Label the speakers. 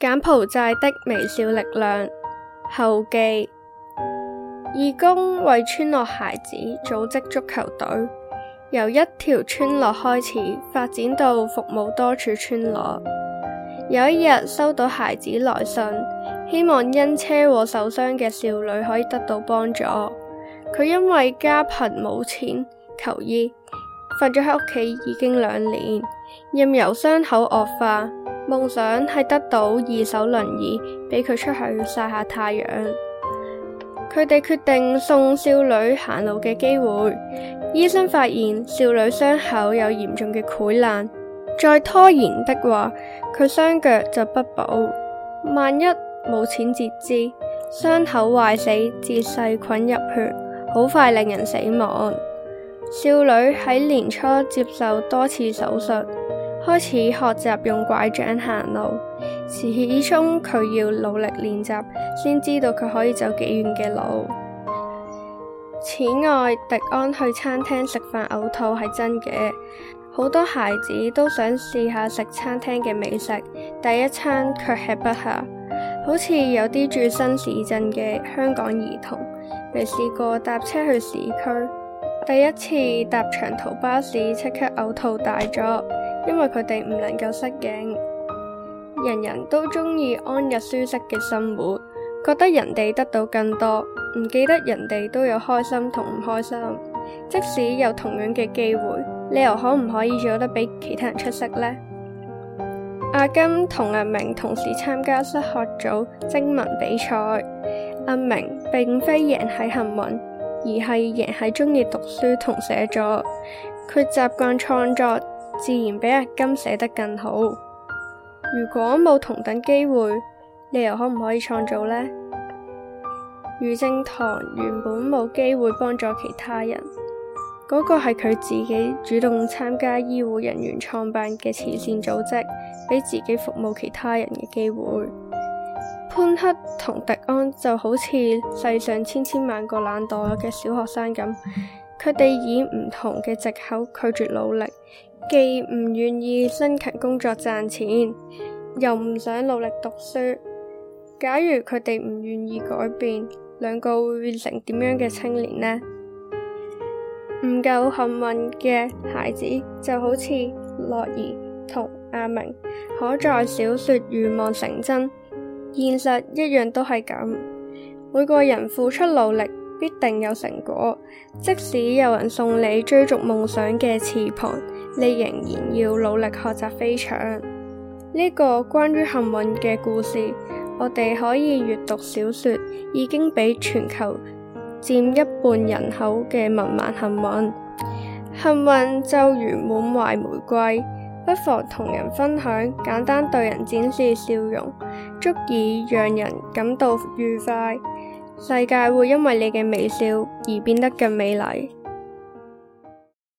Speaker 1: 柬埔寨的微笑力量後記：義工為村落孩子組織足球隊，由一條村落開始，發展到服務多處村落。有一日收到孩子來信，希望因車禍受傷嘅少女可以得到幫助。佢因為家貧冇錢求醫，瞓咗喺屋企已經兩年，任由傷口惡化。夢想係得到二手輪椅俾佢出去晒下太陽。佢哋決定送少女行路嘅機會。醫生發現少女傷口有嚴重嘅潰爛，再拖延的話，佢雙腳就不保。萬一冇錢截肢，傷口壞死至細菌入血，好快令人死亡。少女喺年初接受多次手術。開始學習用拐杖行路，始終佢要努力練習，先知道佢可以走幾遠嘅路。此外，迪安去餐廳食飯嘔吐係真嘅，好多孩子都想試下食餐廳嘅美食，第一餐卻吃不下，好似有啲住新市鎮嘅香港兒童未試過搭車去市區，第一次搭長途巴士，即刻嘔吐大咗。因為佢哋唔能夠適應，人人都鍾意安逸舒適嘅生活，覺得人哋得到更多，唔記得人哋都有開心同唔開心。即使有同樣嘅機會，你又可唔可以做得比其他人出色呢？阿金同阿明同時參加失學組徵文比賽，阿明並非贏喺幸運，而係贏喺鍾意讀書同寫作。佢習慣創作。自然比阿金寫得更好。如果冇同等機會，你又可唔可以創造呢？余正堂原本冇機會幫助其他人，嗰、那個係佢自己主動參加醫護人員創辦嘅慈善組織，俾自己服務其他人嘅機會。潘克同迪安就好似世上千千萬個懶惰嘅小學生咁，佢哋以唔同嘅借口拒絕努力。既唔願意辛勤工作賺錢，又唔想努力讀書。假如佢哋唔願意改變，兩個會變成點樣嘅青年呢？唔 夠幸運嘅孩子就好似樂兒同阿明，可在小說願望成真，現實一樣都係咁。每個人付出努力必定有成果，即使有人送你追逐夢想嘅翅膀。你仍然要努力學習飛翔。呢個關於幸運嘅故事，我哋可以閱讀小說。已經比全球佔一半人口嘅文盲幸運。幸運就如滿懷玫瑰，不妨同人分享，簡單對人展示笑容，足以讓人感到愉快。世界會因為你嘅微笑而變得更美麗。